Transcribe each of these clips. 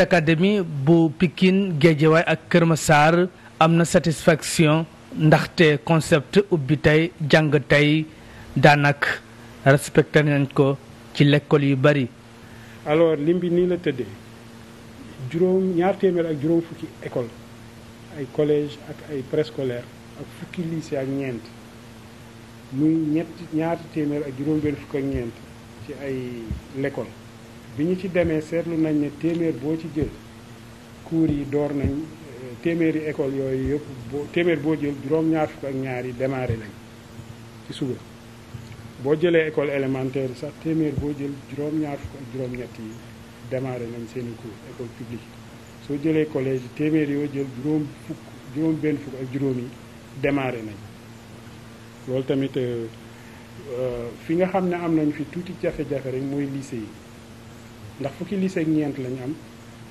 d'académie bu Pikine Guédiawaye ak Kër Massar am na satisfaction ndaxte concept ubbi tey jàng tey daanak respecté nañ ko ci lekkool yu bari alors lim bi nii la tëdde juróom ñaar téeméer ak juróom fukki école ay collège ak ay préscolaire ak fukki lycée ak ñeent muy ñett ñaar téeméer ak juróom benn fukk ñeent ci ay lekkool bi ñu ci demee seetlu nañ ne téeméer boo ci jël cours yi door nañ euh, téeméeri école yooyu yëpp boo téeméer boo jël juróom-ñaar fukk ak ñaar yi démarré nañ ci suba boo jëlee école élémentaire sax téeméer boo jël juróom-ñaar fukk ak juróom-ñett yi démarré nañ seeni cours école publique soo jëlee collège téeméer yoo jël juróom fukk juróom benn fukk ak juróom yi démarré nañ loolu tamit euh, euh, fi nga xam ne am nañ fi tuuti jafe-jafe rek mooy lycée yi ndax fukki lycée ñeent lañu am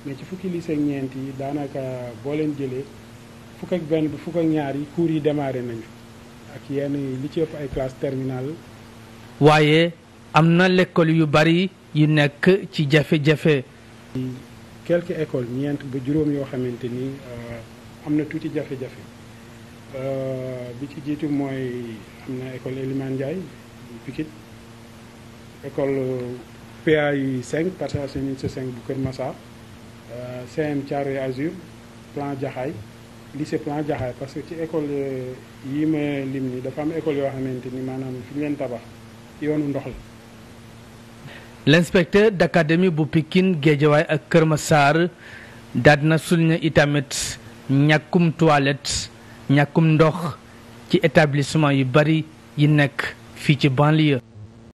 mais ci fukki lycée ak ñeent yi daanaka boo leen jëlee fukk ak benn bi fukk ak ñaar yi cours yi démarré nañu ak yenn li ci ëpp ay classe terminale waaye am na lekkool yu bari yu nekk ci jafe-jafe. quelques écoles ñeent ba juróom yoo xamante ni euh, am na tuuti jafe-jafe euh, bi ci jiitu mooy am na école Elimane Ndiaye Pikine école. Euh, PAI 5 Parcelles Assainies 5 bu Kër Massar euh, CM Thiaroye Azur plan Jaxaay parce que ci école yi ma lim ni dafa am école yoo xamante ni maanaam fi ñu leen tabax yoonu ndox la. l'inspecteur d'académie bu Pikine Guédiawaye ak Kër Massar daal na souligner itamit ñàkkum toilette ñàkkum ndox ci établissement yu bari yi nekk fii ci banlieue.